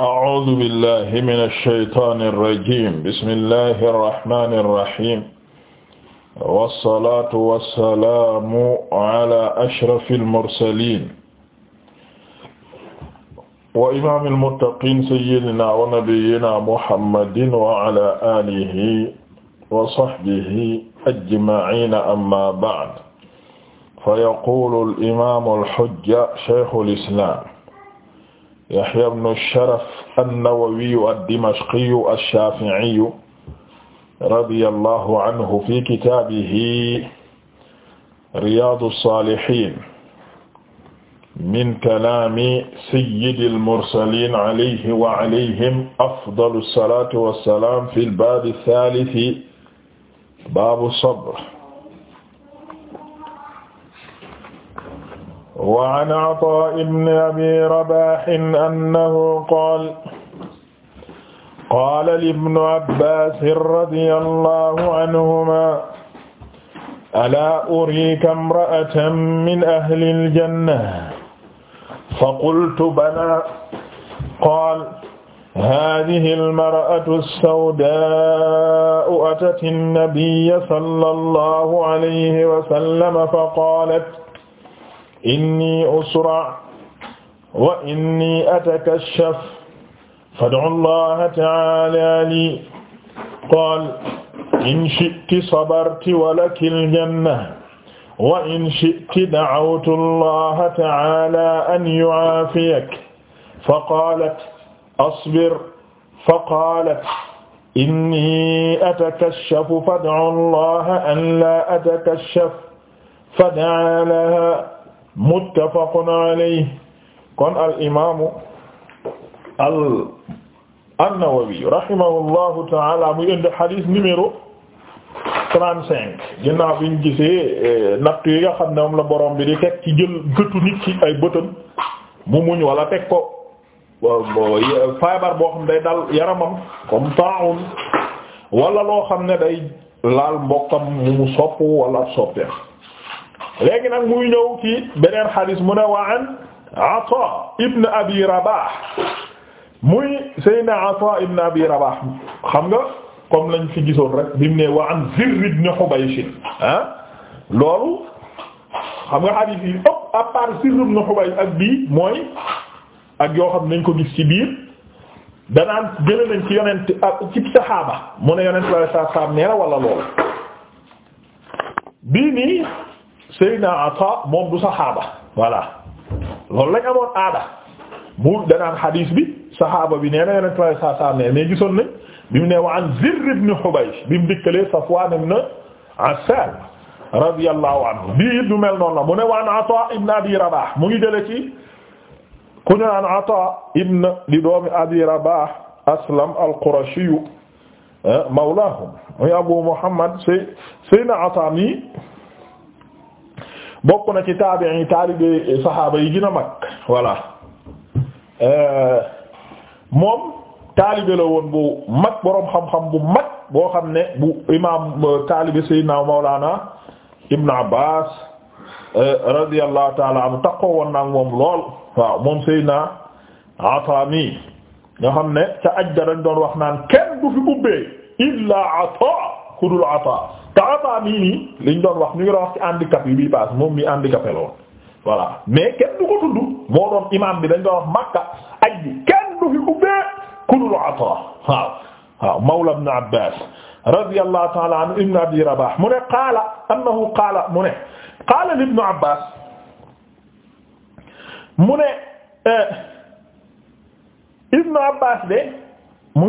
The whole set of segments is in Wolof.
أعوذ بالله من الشيطان الرجيم بسم الله الرحمن الرحيم والصلاة والسلام على أشرف المرسلين وإمام المتقين سيدنا ونبينا محمد وعلى آله وصحبه أجمعين أما بعد فيقول الإمام الحجة شيخ الإسلام Yahya ibnu Sharaf an-Nawawiyu ad-Dimashqiyu ash-Shaafi'iyu radiyallahu anhu fi kitaabihi Riyaadu s-Saalihiin min kalaami sayyidil mursaliin alayhi wa alayhim afdalu s-salaatu wa s-salaam fil baabi s-saalisi baabu s-sabr wa an Ataa ibn Abi Rabaah annahu qaala qaala libni Abbaas radiyallaahu anhumaa alaa uriika imra'atan min ahlil janna faqultu balaa qaala haazihil mar'atu as-sawdaa'u atat an-nabiyya sallallaahu alayhi wa sallam faqaalat inni usra wa inni atakashaf fad'u allaha ta'ala li qaal in shi'ti sabarti wa laki aljanna wa in shi'ti da'awtu allaha ta'ala an yu'aafiyak faqaalat asbir faqaalat inni atakashafu fad'u allaha an laa atakashaf fad'aa lahaa muttafaqun alayhi kon al imaamu al an-Nawawi rahimahullahu ta'ala muy indi hadith numéro trente-cinq ginnaaw bi ñu gisee eh, natt yi nga xam ne moom la borom bi di teg ci jël gëtu nit ci ay bëtam mu muñ wala teg ko feebar boo xam day dal yaramam comme taawun wala loo xam ne day laal mbokkam mu mu sopp wala soppeem léegi nag muy ñëw ci beneen xadis mu ne wa an Ata ibn Abi Rabah muy Seyna Ata ibn Abi Rabah xam nga comme lañ fi gisoon rek bi mu ne wa an Zirr ibn Hubaysh ah loolu xam nga xadis yi ëpp à part ibn Hubaysh ak bii mooy ak yoo xam nañ ko gis ci biir danaan jëlee nañ ci yonent ak ci saxaaba mu yonent sallallahu alayhi wasallam nee wala loolu bii nii. Seydina Ata moom du saxaaba voilà loolu lañ amoon aada mu danaan xadiis bi saxaaba bi nee na yonent bi saa saa ne mais gisoon nañ bi mu ne wa an Zirr ibn Hubaysh bi mu dikkalee Safwan ibn Asal radiyallahu anhu bii it du mel noonu la mu ne wa an Ata ibn Abi Rabah mu ngi jëlee ci ku ñu naan Ata ibn di doomi Abi Rabah Aslam al-Qurashi eh, mawlahum muy Abu Muhammad Seydina Ata mi bokk na ci taabiin yi taalibe saxaaba yi gën a mag voilà euh, moom taalibe la bu mag boroom xam-xam bu mag boo xam ne bu imaam euh, taalibe Seydina Mawlana Ibn Abbas euh, radiyallahu taala anhu taqoo woon naag moom waaw moom Seydina Ataami nga xam ne ca aj ga dañ doon wax naan kenn du fi ubbee illa Ataa ku dul Ataa taxataa mii nii liñ wax ñu ngi doon wax ci handicap yi bii paas moom mii handicapé la woon voilà mais kenn du ko tudd moo doon imaam bi dañ doon wax Makka aj bi kenn du fi ubbee kulul ata waaw waaw mawla ibn Abbaas radiyallahu ta'ala anhu ibn Abi Rabah mu ne qaala annahu qaala mu ne qaala ibn eh,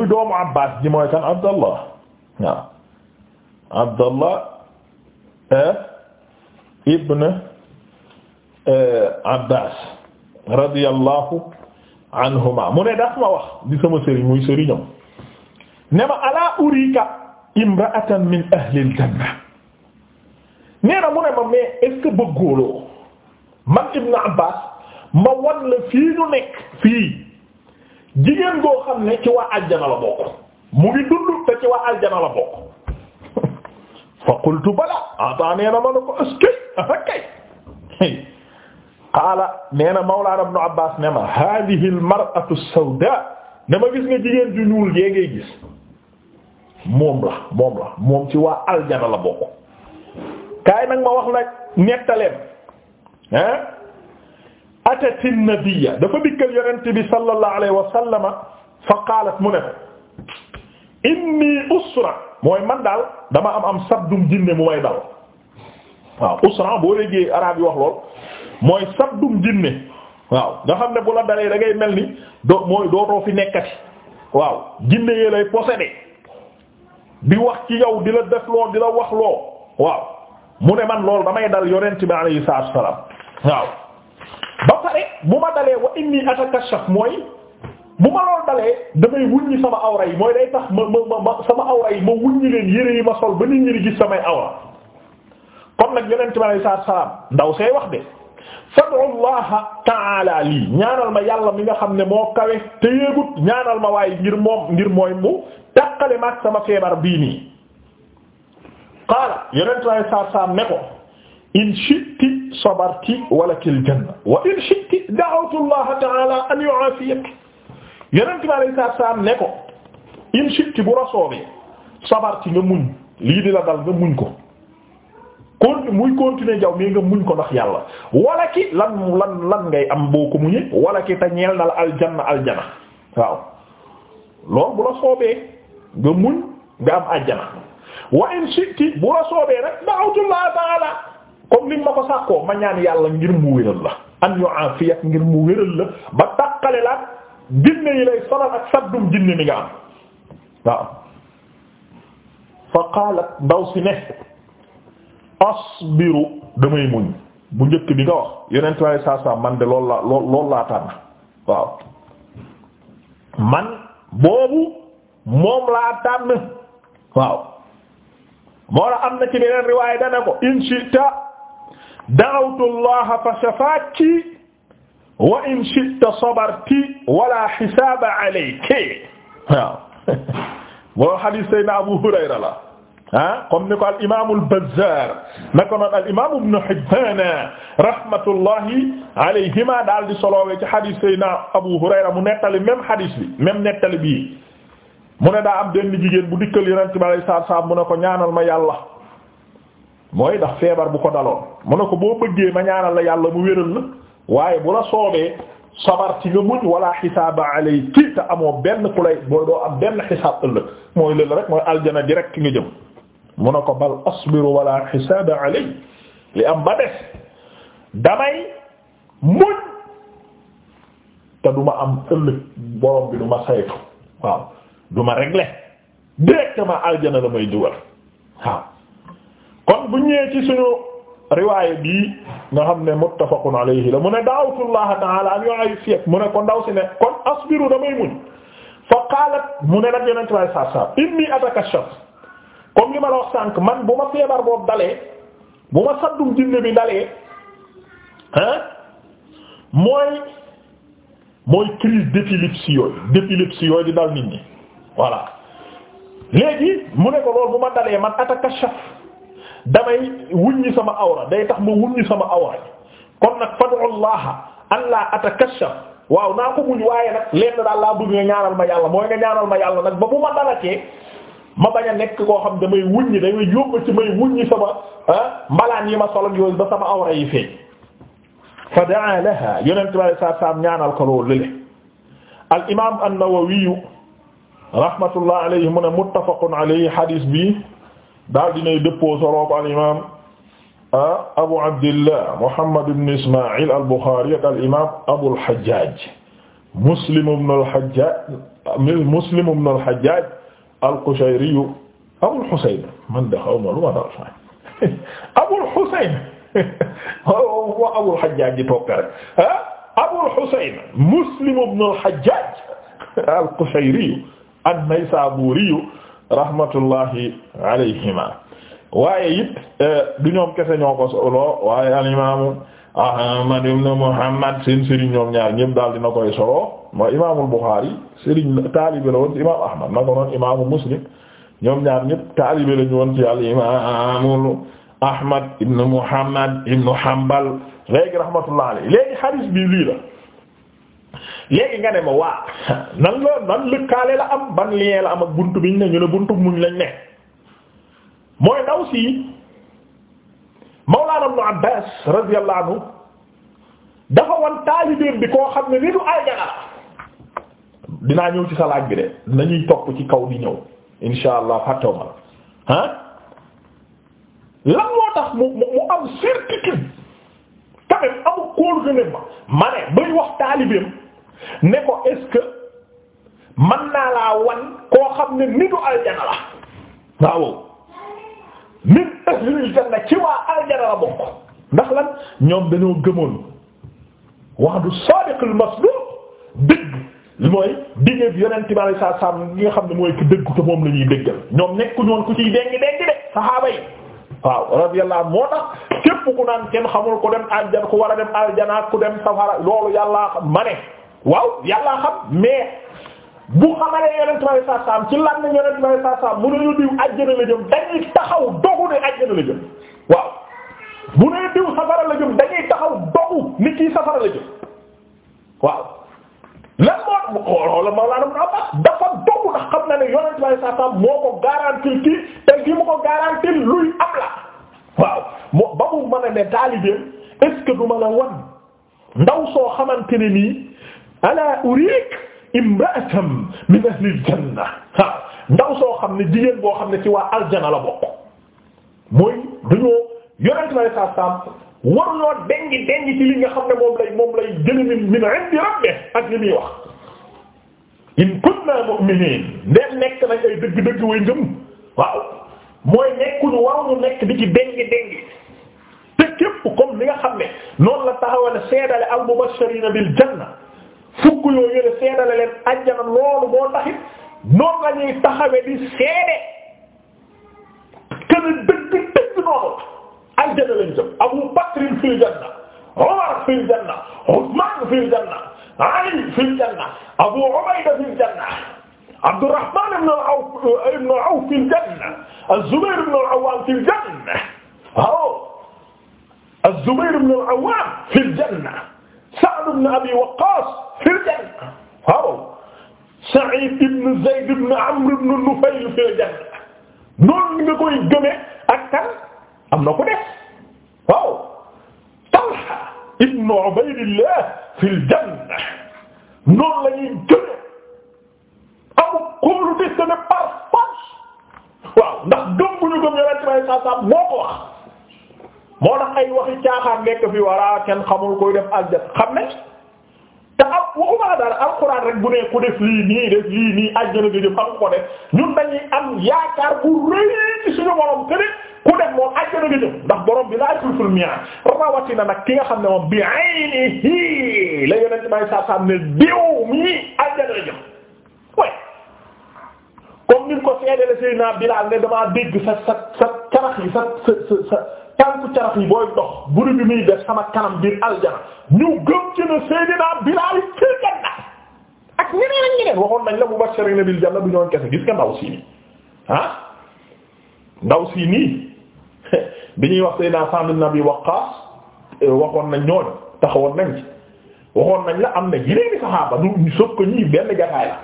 doomu Abbaas ji mooy Abdallah eh, ibn eh, Abbas radiyallahu anhuma mu ne daf ma wax di sama sëriñ muy sëriñam ne ma alaa urika imra'atan min ahlil janna nee na mu ne ma mais est-ce que bëggooloo man ibn Abbas ma wan la fii ñu nekk fii jigéen goo xam ne ci waa aljana la bokk mu ngi dund te ci waa aljana la bokk fa qultu bala ata nee na ma ne ko askay akay qaala nee na mawlaana ibnu Abbaas ne ma haadihi al-mar'atu as-sawdaa ne ma gis nga jigéen ju ñuul yee ngay gis moom la moom la moom ci waa aljana la bokk kaay nag ma wax nag nettaleem ah atati nabiyya dafa dikkal yonent bi sallallahu alayhi wa sallama fa qaalat mu ne inni usra mooy man daal dama am am sabdum jinne mu may dal waaw usra boo léegi araab yi wax lool mooy sabdum jinne waaw nga xam ne bu la dalee da ngay mel ni doo mooy dootoo fi nekkati waaw jinne yee lay possédé di wax ci yow di la def loo di la wax loo waaw mu ne man lool damay dal yonent bi alayhi salaam waaw ba pare bu ma dalee wa inni atakashaf mooy bu ma lool dalee damay wuññi sama awra yi tax ma ma sama awra yi ma wuññi leen yére yi ma sol ba ni ñi di gis samay awra kon nag yonent bi alayhi salaam ndaw say wax de fad'u Allah ta'ala lii ñaanal ma yàlla mi nga xam ne moo kawe te yéegut ñaanal ma waaye ngir moom ngir mooy mu tàqale ma ak sama feebar bii nii qaala yonent bi alayhi salaatu salaam ne ko in shi'ti sabarti wa lakil wa in shi'ti da'awtu Allah ta'ala an yu'afiyak yeneen ci wàllu saabsaab ne ko in shitti bu rasoobee sabar ci nga muñ lii di la dal nga muñ ko kon muy continuer jaw mais nga muñ ko ndax yàlla wala ki lan lan lan ngay am boo ko muñee wala ki te ñeel na la aljanna aljana waaw loolu bu la soobee nga muñ nga am aljana wa in shitti bu la soobee rek da'utullah ta'ala comme ni ma ko sàkkoo ma ñaan yàlla ngir mu wéral la an yu'afiyak ngir mu wéral la ba takkale la jinne yi lay solal ak saddum jinne mi nga am waaw fa ndaw si ne asbiru damay muñ bu njëkk bi nga wax yeneen waaye saa saa man de lool laa lool laa tànn waaw man boobu moom laa tànn waaw moo la am na ci beneen riwaay dana ko in shi'ta da'awtu Allah fa shafaaki wa in shi'ta sabarti wala hisaaba alayki waaw boo hadith Seydina Abu Hurayra la ah, ni ko al imaam al Bazzaar naka al imaam Ibn Hibbaan rahmatullahi alayhima daal di solowee ci hadith Seydina Abu Hurayra mu nettali même hadith bi nettali bi mu ne daa am benn jigéen bu dikkal Yonent bi mu ne ko ñaanal ma yàlla mooy ndax feebar bu ko daloon mu ne ko boo bëggee ma ñaanal la yàlla mu wéral la. waaye bu la soobee sabar ci nga muñ wala xisaaba alayki te amoo benn ku mooy doo am benn xisaab ëllëg mooy lël rek mooy aljana direct nga jëm mu ne ko bal asbiru wala xisaaba alay li am ba des damay muñ te du am ëllëg borom bi du ma saytu waaw du ma régler directement aljana la may dugal waaw kon bu ñëwee ci suñu riwaaya bii nga xam ne muttafaqun alayhi la mu ne da'awtullaha ta'ala an yu'afiyak mu ne ko ndaw si ne kon asbiru damay muñ fa qaalat mu ne nag yonent way sa sa inni atakashaf comme li ma la wax sànq man bu ma feebar boobu dalee bu ma saddum jinne bi dalee ah mooy mooy crise d'épilepsie yooyu d'épilepsie yooyu di dal nit ñi voilà léegi mu ne ko loolu bu ma dalee man atakashaf damay wuññi sama awra day tax ma wuññi sama awra kon fad'u llaha an la atakashaf waaw naa ko muñ waaye nag lenn daal laa bëgg nga ñaanal ma yàlla mooy nga ñaanal ma yàlla nag ba bu ma dalatee ma bañ a nekk koo xam damay wuññi damay yóbba ci wu wuññi sama ah, mbalaan yi ma solo yooyu ba sama awra yi feeñ fa daa laha yonent bi alayhi salaatu salaam ñaanal ko loolu lële al imaam an rahmatullah alayhi mu ne muttafaqun alayhi hadis bi daal dinay dëppoo soloo ko al imam abu abdillah muhammad ibn ismail al bukhari ak al imam abul hajjaj muslim ibn al hajjaj muslim ibn al hajjaj al qushayri abul husayn man de xaw ma lu ma daal fay abul husayn wa abul hajjaj toog rek abul husayn muslim ibn al hajjaj al qushayri an-naysaburi rahmatullahi alayhima waaye it eh, du ñoom kese ñoo ko solo waaye al imaamu Ahmad ibn Muhammad seen sëriñ ñoom ñaar ñëpp daal dina koy solo mooy imaamul Bukhari sëriñ taalibe la woon ci imaamu Ahmad na ko noon imaamu Muslim ñoom ñaar ñëpp taalibe la ci al imaamul Ahmad ibn Muhammad ibn Hanbal léegi rahmatullahi alayhi léegi hadith bi lii la. léegi nga ne ma waa nan la nan lëkkaale la am ban lien la am ak buntu biñ ne ñu ne buntu muñ lañ ne mooy ndaw si Mawlaana Ibnu Abbaas radiyallahu anhu dafa wan taalibeem bi koo xam ne nitu aljana dinaa ñëw ci salaat bi de nañuy topp ci kaw di ñëw insha allah la ah lan moo tax mu mu am certitude quand même amul kóolu gëne ma ma ne bay wax taalibeem ne ko est-ce que mën naa laa wan koo xam ne nitu aljana la waaw nit ahlul janna ci waa aljana la bokk ndax lan ñoom dañoo gëmoon wa'du sadiqul masduq dëgg li mooy digéeb yeneen bi alei saatu salaam gi nga xam ne mooy ki dëgg moom la ñuy dëggal ñoom nekku ñoon ku ci déngi déngi de sahaaba yi waaw radiyallahu moo tax képp ku naan kenn xamul ku dem aljana ku war a dem aljana ku dem safara loolu yàllaa xam waaw yàllaa xam mais bu xamalee yonent bi sallallahu alayhi wasallam ci lan la yonent bi sallallahu alayhi wasallam mu ne ñu diw àjjana la jëm dañuy taxaw dogu ne àjjana la jëm waaw bu ne diw safara la jëm dañuy taxaw dogu ni kii safara la jëm waaw lan moo xoolal Mawlana Ibn Abbas dafa dogu ndax xam na ne yonent bi sallallahu alayhi moo ko garantil kii te kii mu ko garantil luy am la waaw moo ba mu mën ne taalibe est-ce la wan ndaw soo xamante ne nii. ala uriik imra'atan min ahlil janna waaw ndaw soo xam ne jigéen boo xam ne ci waa aljana la bokk mooy dañoo yonent na saa saam waruloo dengi dengi ci li nga xam ne moom lay moom lay jëli min min indi rabbi ak li muy wax in kunna mu'minin ndeen nekk nañ ay dëgg-dëgg way ngëm waaw mooy nekkuñu waruñu nekk di ci dengi dengi te képp comme li nga xam ne noonu la taxawal seedale al mubashirina bil janna fukk yoo yële seedale leen ajjana loolu moo taxit noonu la ñuy taxawe di seede kën a dëgg dëgg noonu ajjana lañ jëm Abu Bakr fil janna Umar fil janna Usman fil janna Ali fil janna Abu Ubayda fil janna Abdurrahman ibn Awf ibn Awf fil janna Az-Zubayr ibn al-Awwam fil janna waaw oh, Az-Zubayr ibn al-Awwam fil janna Sa'd ibn Abi Waqqas fil janna waaw Sa'id ibn Zayd ibn Amr ibn Nufayl fil janna noonu nga koy gëme ak kan am na ku def waaw Talha ibn Ubaydillah fil janna noonu la ñuy gëme amu kóolu des ne par force waaw ndax gëm bu ñu gëm yàlla ci may sàmm moo ko wax. moo tax ay caaxaan nekk fi walla xamul koy def aljat xam ne te ak waxuma dara alxuraan bu ne ku def lii nii def lii nii àjjana nga jëm am ko def ñun dañuy am yaakaar bu rëy ci suñu borom te ku def moom àjjana nga jëm ndax borom bi laa tulful a rawatina nag ki nga xam ne moom bi aynihi la yonent may saa saa ne diw mii àjjana nga jëm way comme ni ko seede la Seydina Bilaal ne damaa dégg sa sa sa carax yi sa sa tànku carax yi booy dox buri bi muy def sama kanam biir aljana ñu gëm ci ne Seydina Bilaal ci janna ak ñeneen ak ñeneen waxoon nañ la mubashirina bil janna bu ñoon kese gis nga ndaw sii nii ah? ndaw sii bi ñuy wax Seydina Sa'd ibn Abi Waqqas eh, waxoon nañ ñooñ taxawoon nañ ci waxoon nañ la am na yeneen i saxaaba du soog ko ñii benn jaxaay la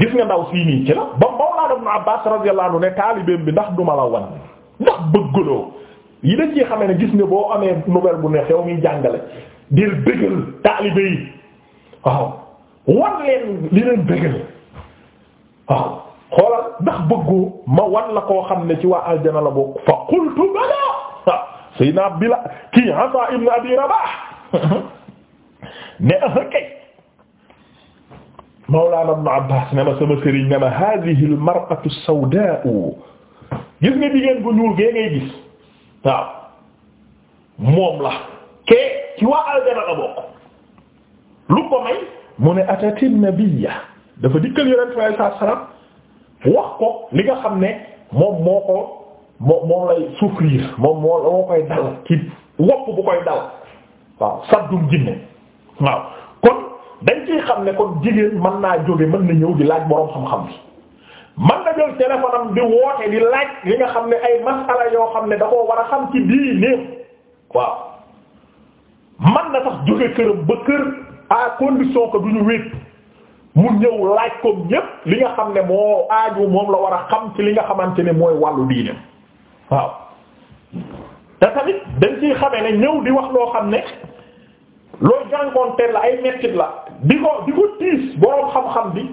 gis nga ndaw sii nii ci la ba Mawlaana Ibn Abbaas radiyallahu anhu ne taalibeem bi ndax duma la wan yi dañ ci xamee ne gis nga boo amee nouvelle bu neex yow muy jàngale dil bëggal taalibe waaw wan leen li leen bëggal waaw xoolal ndax bëggu ma wan la koo xam ne ci waa aljana la bokk fa qultu bala waaw sayna bila kii Ata ibn Abi Rabah ne kay Mawlana Ibn Abbas ne ma sama sëriñ ne ma hadhihi al-mar'atu as-sawda'u gis nga bu ñuul gee ngay gis waaw moom la kee ci waa aljana la bokk lu ko may mu ne atati nabiyya dafa dikkal yonent bi alayhi salaam wax ko li nga xam ne moom moo ko moo moom lay souffrir moom moo moo koy dal ci wopp bu koy dal waaw saddum jinne waaw kon dañ ciy xam ne kon jigéen mën naa jóge mën na ñëw di laaj boroom xam-xam bi man nga jël téléphone am woote di laaj li nga xam ne ay masala yoo xam ne dafoo war a xam ci diineem waaw man na tax jóge këram ba kër à condition que duñu wéet mu ñëw laaj comme ñépp li nga xam ne moo aaju moom la war a xam ci li nga xamante ne mooy wàllu diineem waaw te tamit dañ ciy xamee ne ñëw di wax loo xam ne looy jànkoonte la ay mettit la di ko di ko tiis boroom xam-xam bi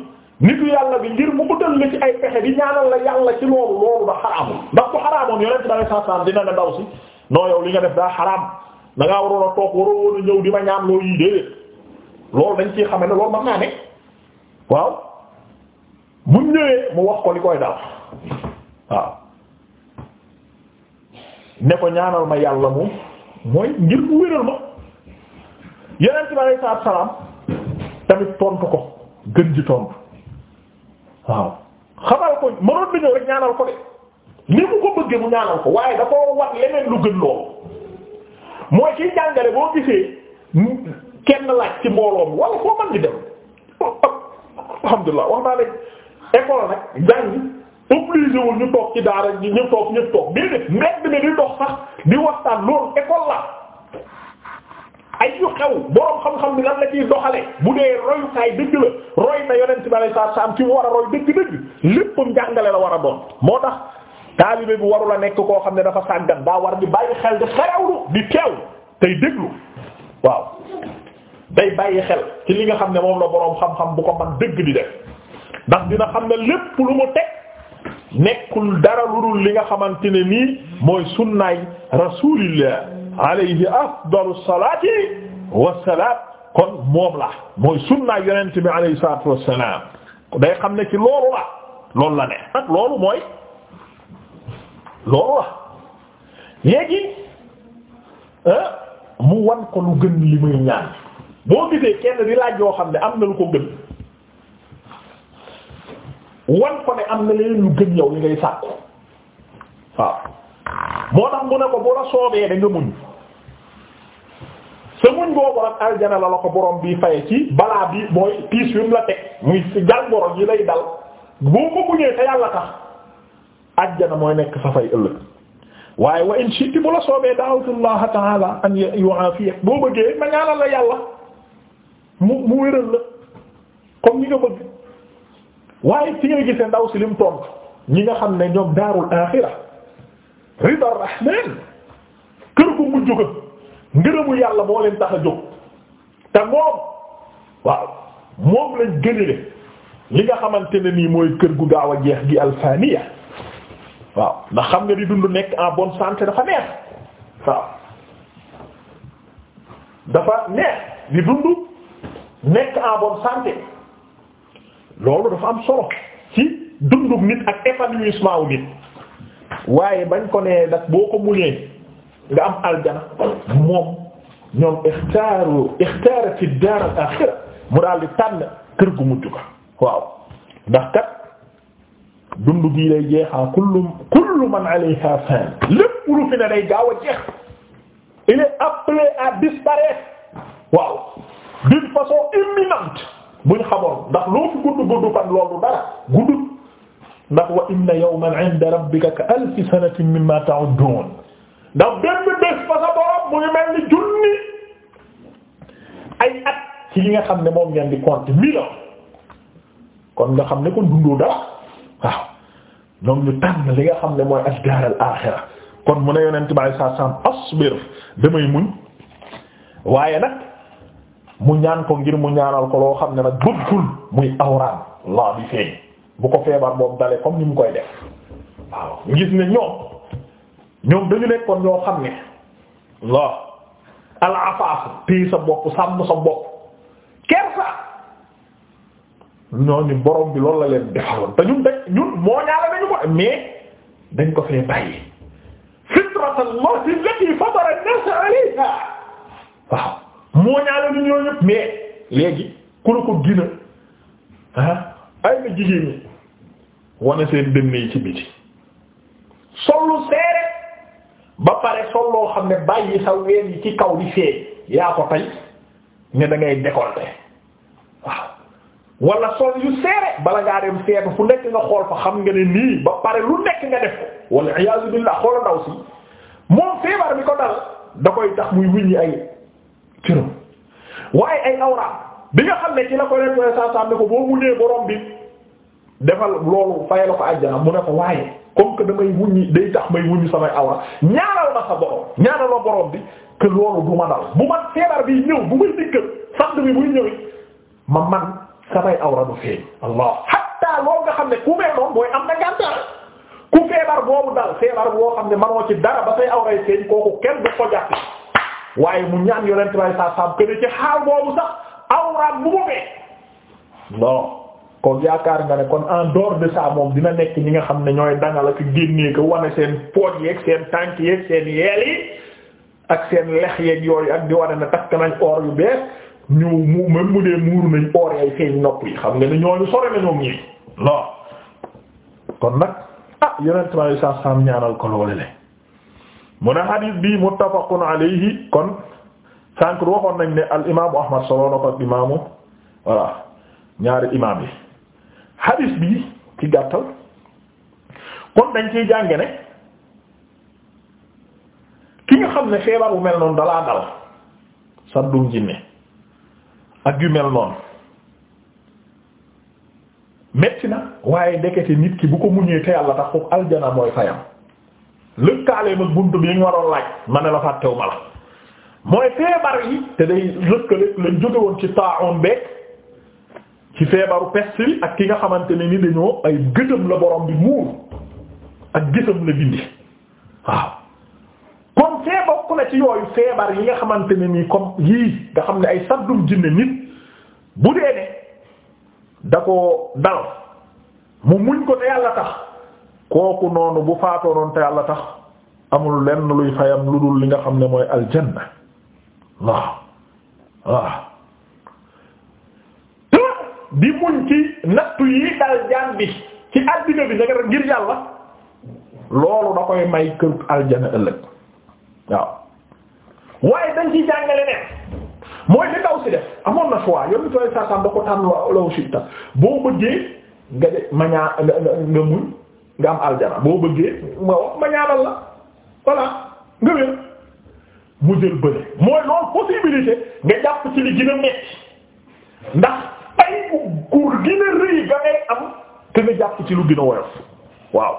nitu yàlla bi ngir mu utal la ci ay pexe di ñaanal la yàlla ci loolu loolu da xaraamul ndax bu xaraamoon yonent ba saasaam dina ne ndaw si non yow li nga def daa xaraam da waroon a toog waroon a ñëw di ma ñaan loo yii déedéet loolu dañ ciy xame ne loolu mën naa waaw mu ñëwee mu wax ko li koy dal waaw ne ko ñaanal ma yàlla moom mooy ngir mu wéral ma yonent bi alei salaam tamit tontu ko gën ji tontu waaw xamal ko mënoon bi ñëw rek ñaanal ko de ni mu ko bëggee mu ñaanal ko waaye dafa wax leneen lu gën loolu mooy kiy jàngale boo gisee kenn laaj ci mbooloo mi wala foo mën di dem alhamdulilah wax naa ne école nag jàngi obligé wul ñu toog ci daara ñu toog ñëpp toog déedéet mbedd di dox di waxtaan loolu école ay yu xew borom xam-xam bi lan la ciy doxale bu dee royukaay dëgg la roy na yonent bi alayhi salaam ci war a roy dëgg-dëgg léppam njàngale la war a doon moo tax taalibe bi a nekk koo xam ne dafa sàggan daa war di bàyyi xel di xerewlu di teew tey déglu waaw day bàyyi xel ci li nga xam ne moom la boroom xam-xam bu ko man dëgg di def ndax dina xam ne lépp lu mu teg nekkul dara lu dul li nga xamante ne nii mooy sunnaay rasuulillah alayhi afdalu salaati wassalaam kon moom la mooy sunna yonent bi alayhi salaatu wassalaam day xam ne ci loolu la loolu la ne loolu mooy loolu la léegi ah, mu wan ko lu gën li muy ñaan boo gisee kenn di laaj yoo xam ne am na lu ko gën wan ko ne am na leen lu gën yow li ngay sàkku waaw moo tax mu ne ko bu la soobee da nga muñ tooñ la la ko bi faye ci balaa bi mooy tiis yu mu la teg muy jàngoro ko muñee te yàlla tax nga ndaw si lim tontu ñi nga xam ne ñoom daarul aaxira ridar rahmaan kër gu mujj ko ngërëmu yàlla moo leen tax a jóg te moom waaw moom lañ gënale li nga xamante ne nii mooy kër gu gaaw a jeex gi alfaniya waaw ndax xam nga di dund nekk en bonne santé dafa neex waaw dafa neex di dund nekk en bonne santé loolu dafa am solo ci dunduk nit ak épanouissement wu nit waaye bañ ko nee nag boo ko muñee nga am aljana moom ñoom ixtaaru ixtaarati daar al axira mu daal di tànn kër gu waaw ndax kat dund gii lay jeexaa kullu kullu man alayha fan lépp lu fi ne day a jeex il est appelé à disparaître waaw d'une façon imminente buñ xamoon ndax loo fi gudd fan loolu dara guddut ndax wa inna yawman 'inda rabbika ka alfi sanatin mimma ta'uddun ndax benn bés fa sa mu ngi mel ni junni ay at ci li nga xam ne moom ngeen di compte mille ans kon nga xam ne kon dundoo dara waaw ñoom ñu tànn li nga xam ne mooy ad-dar al kon mu ne yonent bi sallallahu alayhi wasallam asbir damay muñ waaye nag mu ñaan ko ngir mu ñaanal ko loo xam ne nag bëggul muy awraan laa bi feeñ bu ko feebar boobu dalee comme ni mu koy def waaw gis ne ñoom. ñoom dañu nekkoon ñoo xam ne loo alaafaasu téye sa bopp sàmm sa bopp kersa ñooñu borom bi loolu la leen defaloon te ñun ñun moo ñaala dañu ko mais dañ ko fee bàyyi fitratallahi allati fatara an-nasa alayha waaw moo ñaala ñu ñoo ñëpp mais léegi ku la ko gina ah ay na jigéen wane seen dënn yi ci biti sollu seere pare sol loo xam ne bàyyi sa ween yi ci kaw di feeñ yaa ko tey ne da ngay waaw wala sol yu seere bala ngaa dem seetu fu nekk nga xool fa xam nga ne nii ba pare lu nekk nga def ko wala iyaazu billah xoola ndaw si moom feebar bi ko dal da koy tax muy wiññi ay cirom waaye ay awra bi nga xam ne ci la ko leen koy saa ne ko boo muñee borom bi defal loolu fayal ko àjjana mu ne ko waaye comme que damay wuññi day tax may wuññi samay awra ñaanal ma sa borom ñaanal ma borom bi que loolu du ma dal bu man feebar bi ñëw bu may dikkal sant bi muy ñëwee ma man samay awra du feeñ allah hatta loolu nga xam ne ku mel noonu mooy am na gàntar ku feebar boobu dal feebar boo xam ne manoo ci dara ba say awray feeñ kooku kenn du ko jàppe waaye mu ñaan yonent bay sa sam que ne ci xaal boobu sax awra bu mu fee non kon yaakaar nga ne kon en dehors de ça moom dina nekk ñi nga xam ne ñooy dangal ak génnee ko wane seen pooj yeeg seen tànk yeeg seen yeel yi ak seen lex yeeg ak di wane ne takk nañ or yu bees ñu mu même mu dee muuru nañ or ay feeñ nopp yi xam nga ne ñooñu sore na ñoom ñii non kon nag ah yeneen tubaab yi sax saam mu ne hadith bi muttafaqun alayhi kon sànq waxoon nañ ne al imaamu Ahmad solo na ko ak imaamu voilà ñaari imaam yi. hadis bi ci gàttal kon dañ ciy jànge ne ki nga xam ne feebar bu mel noonu dalaa dal sàddum jinne ak yu mel noonu metti na waaye ndekete nit ki bu ko muñee te yàlla tax foofu aljana mooy fayam lëkkaaleem ak buntu bi ñu waroon laaj ma ne la fàttewuma la mooy feebar yi te day lëkkale lañ jóge ci taaxoon beek ci feebaru peste ak ki nga xamante ne ni dañoo ay gëtëm la borom bi muur ak gëtëm la bindi waaw kon fee bokk na ci yooyu feebar yi nga xamante ne nii comme yii nga xam ne ay saddum jinne nit bu dee ne da ko dal mu muñ ko te yàlla tax kooku noonu bu faatoo noonu te yàlla tax amul lenn luy fayam lu dul li nga xam ne mooy aljanna waaw waaw di muñ ci nattu yi dal bi ci àddina bi ngir yàlla loolu da koy may kër aljana ëllëg waaw waaye dañ ciy jàngale ne mooy li ndaw si def amoon na choix yoonu tooy saasaam da ko tànn waa law sitta boo bëggee nga mañaa nga muñ nga am aljana boo bëggee ma wax mañaanal la voilà nga wér mu jël bële mooy loolu possibilité nga jàpp ci li gën a ndax pay bu kur gën a rëy ga ngay am te nga jàpp ci lu gën a woyof waaw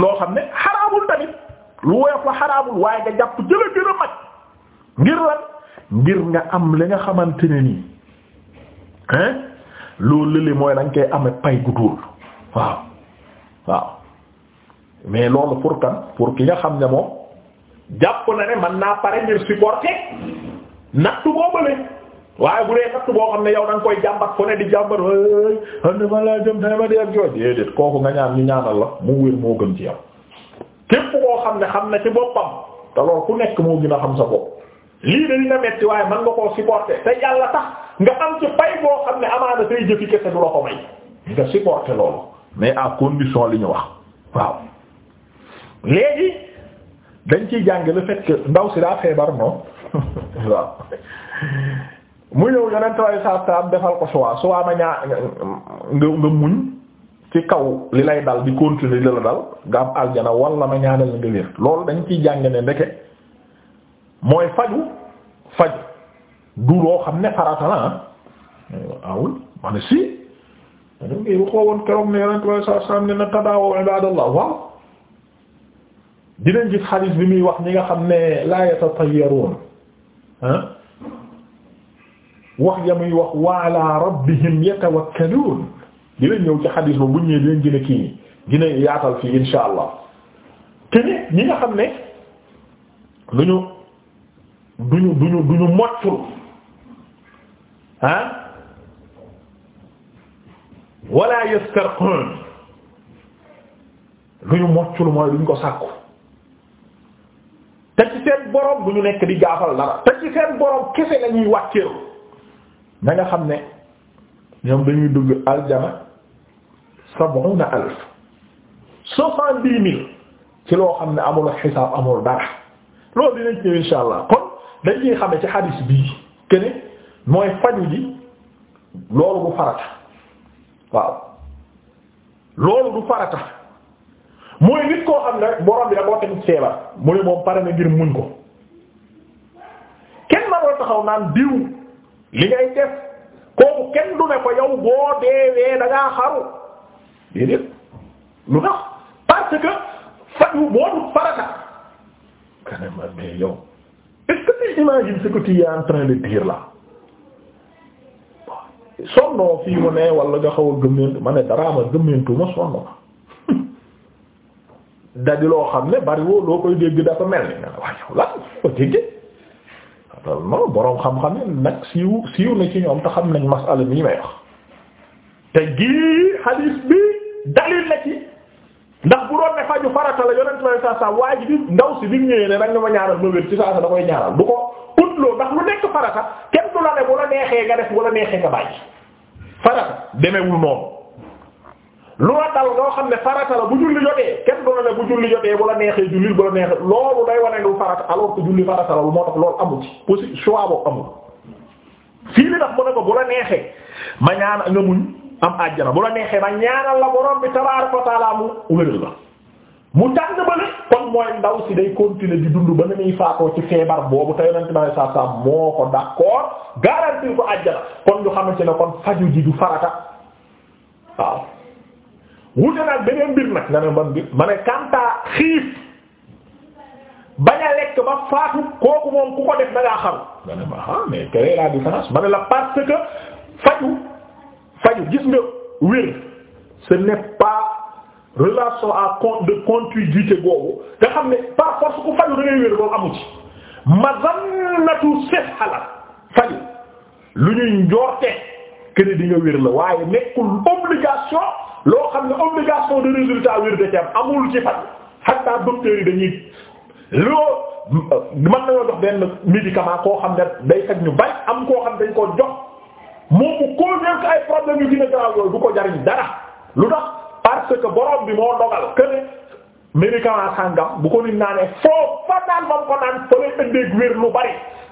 loo xam ne xaraamul tamit lu woyof la xaraamul waaye nga jàpp ci la gën a mag ngir lan ngir nga am li nga xamante ne nii hein loolu lële mooy da nga koy amee pay gu dul waaw waaw mais loolu pour kan pour ki nga xam ne moom jàpp na ne man naa pare ngir supporter nattu boobu waaye bu dee natt boo xam ne yow da koy jàmbat fu ne di jàmbat waay and ma laa jëm tama di ak jooj déedéet kooku nga ñaan ñu ñaanal la mu wér moo gën ci yow képp koo xam ne xam na ci boppam te loolu ku nekk moo gin a xam sa bopp lii da dina metti waaye mën nga koo supporter te yàlla tax nga am ci pay boo xam ne amaana tay jëfi kese du la ko may nga supporter loolu mais à condition li ñu wax waaw léegi dañ ciy jàng le fait ndaw si daa feebar noonu mu ñëw yonent way sa salam defal ko suwaa suwaa ma ñaa nga nga muñ ci kaw li lay dal di continuer li la dal nga am aljana wala ma ñaanal nga wér loolu dañ ciy jàng ne ndeke mooy faju faju du loo xam ne farata la awul ah. ma si dañ ngay waxoo woon keroog ne yonent way sa salam ne na tadaawaw ibadallah waaw dinañ gis xadiis bi muy wax ñi nga xam ne la wax ya muy wax wa ala rabbihim yatawakkaluun di leen ñëw ci xadiis ba bu ñëwee di leen kii nii dina yaatal fii insha allah te ni ñi nga xam ne duñu duñu duñu duñu moccul ah wala yastarqun duñu moccul mooy duñ ko sàkku te ci seen borom bu ñu nekk di gaafal dara te ci seen borom kese lañuy wàcceeru na nga xam ne ñoom dañuy dugg aljana sab'una alf soixante-dix mille ci loo xam ne amul xisaab amul dara loolu dinañ ci insha allah kon dañ ciy xame ci xadis bii kene mooy faju ji loolu du farata waaw loolu du farata mooy nit koo xam ne borom bi da koo feebar mu ne moom pare na ngir muñ ko kenn ma taxaw naan diw li ngay def kooku kenn du ne ko yow boo deewee da xaru déedéet lu tax parce que faju boo dul farata kanama mais yow est-ce que tu imagines ce que tu de dire là sonnoo fii mu ne wala nga xaw a gëmmeentu ma ne daraa ma gëmmeentu ma sonn dadi loo xam ne bariwoo loo koy dégg dafa mel ni nga ne waaye yow lan ko déggee non boroom xam-xam ne nag siiw siiw na ci ñoom te xam nañ masala mii may wax te gii hadis bi dalil na ci ndax bu doon ne faju farata la yonent bi saa saa waa ji bi ndaw si bi ñëwee ne nag ma ñaaral ma wér ci saa sa da koy ñaaral du ko utloo ndax lu nekk farata kenn du la ne bu neexee nga def wala neexee nga bàyyi farata demewul noonu lu la dal loo xam ne farata la bu julli jotee kenn doona ne bu julli jotee bu la neexee julli bu la neexee loolu day wane lu farata alors que julli farata la moo tax loolu amul ci possible choix boobu amul fii mu neexee ma ñaan nga am àjjana bu la neexee ma ñaanal la borom bi tabaaraka wéral la mu tàng ba ne kon mooy ndaw si day continuer di dund ba na muy faatoo ci feebar boobu te yonent bi alayhi salaam moo ko d'accord garantir ko àjjana kon ñu xamante ne kon faju ji du farata waaw wute nag beneen mbir nag nga kantaa xiif bañ a lekk ba faatu kooku moom ku ko def da xaru nga ma ah, la différence ma ne la parce que faju faju gis nga wér ce n'est pas relation à compte de contiguïté googu nga xam ne par force ku faju da wér loolu amu ci mazannatu sihhala faju lu ñuy njoorte kër di nga wér la waaye nekkul obligation loo xam ne obligation de résultat wér da ci amul ci faj hatta docteur yi dañuy loo mën nañoo jox benn médicament koo xam ne day faj ñu bari am koo xam dañ ko jox mu ko causé ay problème yu gën a yooyu du ko jariñ dara lu tax parce que borom bi moo dogal que médicament sangam bu ko nit naanee foofu fa naan moom ko naan fa lay ëndeeg wér lu bari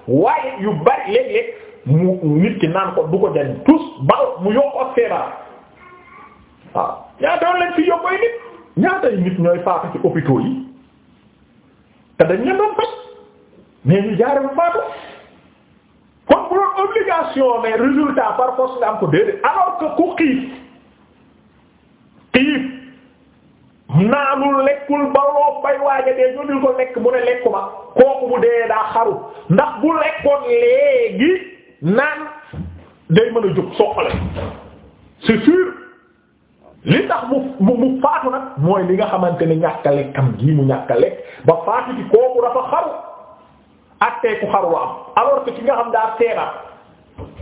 waaye yu bari léeg-léeg mu nit ki naan ko du ko jariñ tous bal mu yokk ak feebar waaw ñaata lañ fi yokk nit ñaata yi nit ñooy faatu ci hôpitaux yi te dañ leen doon faj mais ñu jaare bu faatu kon bu obligation mais résultat par force nga am ko déedéet alors que ku xiif xiif naanul lekkul baloo bay waaja dee ñoo dil ko lekk mu ne lekkuma kooku bu dee daa xaru ndax bu lekkoon léegi naan day mën a jóg soxla c'est sûr li tax mu mu faatu nag mooy li nga xamante ne ñàkk a lekkam mu ñàkk a lekk ba faatu ci kooku dafa xaru àttee ku xaru la am alors que ki nga xam daa seeraat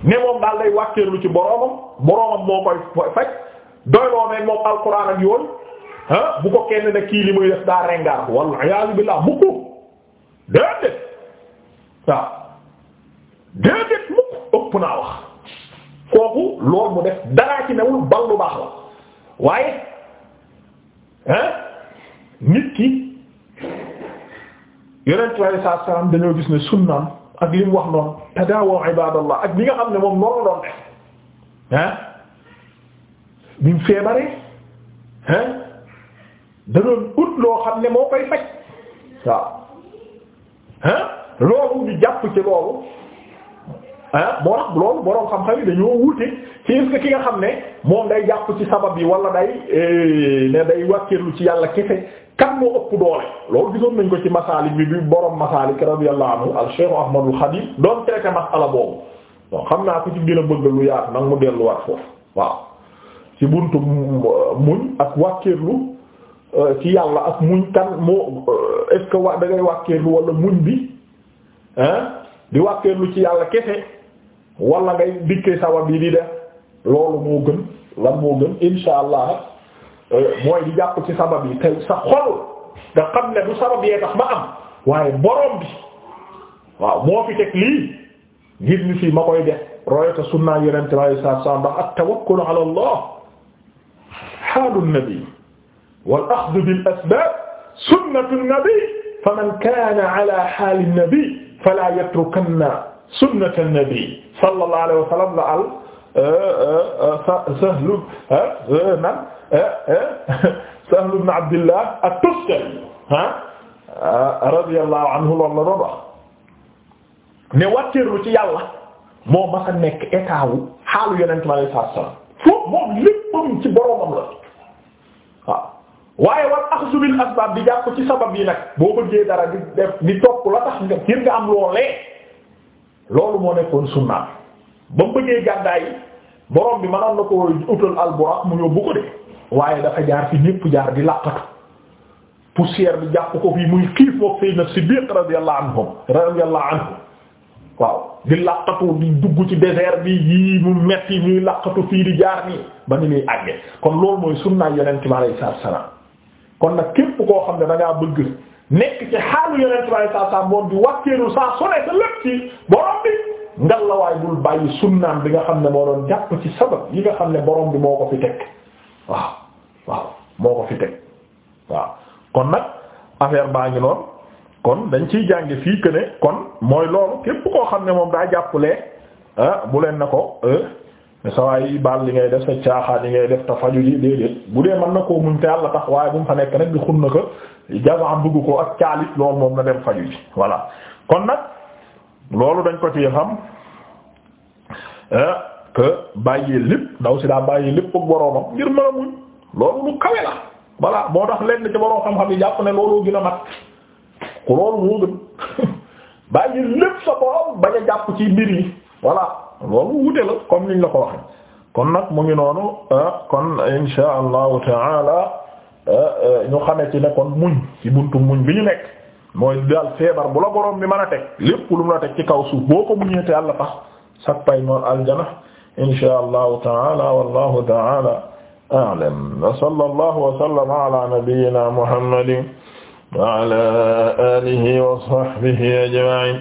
ne moom daal day wàcceerlu ci boroomam boroomam moo koy faj doyloo ne moom alquran ak yoon ah bu ko kenn ne kii li muy def daa rengaar wal iyaazu billaah mukk déedéet waaw déedéet ëpp naa wax kooku loolu mu def daraa ci newul bal lu baax la waaye hein nit ki yonent bi alayhi dañoo gis ne sunnaam ak li wax noonu tadaawaw ibaadallah ak li nga xam ne moom noonu doon def hein bi mu feebaree hein ut loo xam ne moo koy faj waaw hein loolu ñu jàpp ci loolu ah moo tax loolu borom xam-xam dañoo wuute ci est ki nga xam ne moom day jàpp ci sabab yi wala day eh, ne day wàkkeerlu ci yàlla kese kan moo ëpp doole loolu gisoon nañ ko ci masaalik bi bi borom masaalik radiyallahu anhu al Cheikh Ahmadul Khadim doon traité masala boobu bon xam naa ko ci gën a bëgg lu yaatu nag mu delluwaat foofu waaw ci buntu muñ ak wàkkeerlu euh, ci yàlla ak muñ kan moo euh, est-ce wàkkeerlu wala muñ bi ah di wàkkeerlu ci yàlla kese. wala ngay dikkee sawar bi di def loolu moo gën lan moo gën insha allah euh, mooy di jàpp ci sabab yi te sa xol nga xam ne du sabab yee tax ma am waaye borom bi waaw moo fi teg lii ngir ni fii ma koy def royata sunnaa yonente bi alayhi salaatu salaam ndax ak tawakkul ala allah xaalu nabi wal axdu bil asbaab sunnatu nabi faman kaana ala xaali nabi falaa yatrukanna sunnata nabi sallallahu alayhi wa sallam la al Sahl nan Sahl ibn Abdillah at-Tustari euh, radiyallahu anhu loolu la doon wax ne wàcceerlu ci yàlla moo mas a nekk état wu xaalu yonent mi alayhi salaatu wa salaam foofu moom léppam ci boroomam la waaw waaye wal axzu bil asbaab di jàpp ci sabab yi nag boo bëggee dara di def di topp la tax nga ngir nga am loolee loolu moo nekkoon sunna ba mu bëggee gàddaay borom bi mënoon na ko utal alburaq mu yóbbu ko de waaye dafa jaar fi ñépp jaar di làqatu poussière bi jàpp ko fii muy xiif moom Seydina Siddiq radiyallahu anhum radiyallahu anhu waaw di làqatu di dugg ci désert bi yii mu metti ñuy làqatu fii di jaar nii ba ni muy àgge kon loolu mooy sunna yonent bi alayhi salaam kon nag képp koo xam ne da ngaa bëgg nekk ci xaalu yonent bi sallallahu alayhi wa sallam moom di wàkkeeru saa su nekk lépp ci borom bi ngallaawaay bul bàyyi sunnaam bi nga xam ne moo doon jàpp ci sabab yi nga xam ne borom bi moo ko fi teg waaw waaw moo ko fi teg waaw kon nag affaire baa ngi noonu kon dañ ciy jànge fii que ne kon mooy loolu képp koo xam ne moom daa jàppalee ah bu leen na ko. Euh, sawaay baal li ngay def sa caaxaan li ngay def te faju ji déedéet bu dee mën na koo muñ te yàlla tax waaye bu mu fa nekk nag di xun na ko jasan dugg ko ak caalit loolu moom na dem faju ji voilà kon nag loolu dañ ko ci xam eh, que bàyyi lépp ndaw si daa bàyyi lépp ak boroomam ngir mën a muñ loolu lu kawe la voilà moo tax lenn ci borom xam-xam yi jàpp ne looloo gën a mat ku loolu moo gën bàyyi lépp sa borom bañ a jàpp ci mbir yi voilà loolu wute la comme niñ la ko kon nag mu ngi noonu ah, kon insha allahu taala ah, ah, ñu xamee ci ne kon muñ ci buntu muñ bi ñu nekk mooy daal feebar bu la borom bi mën a teg lépp lu mu la teg ci kaw suuf boo ko muñee te yàlla tax sak pay noon aljana insha allahu taala wallahu taala a'lam wa sallallahu wa sallama ala nabiyyina muhammadin wa ala alihi wa sahbihi ajma'in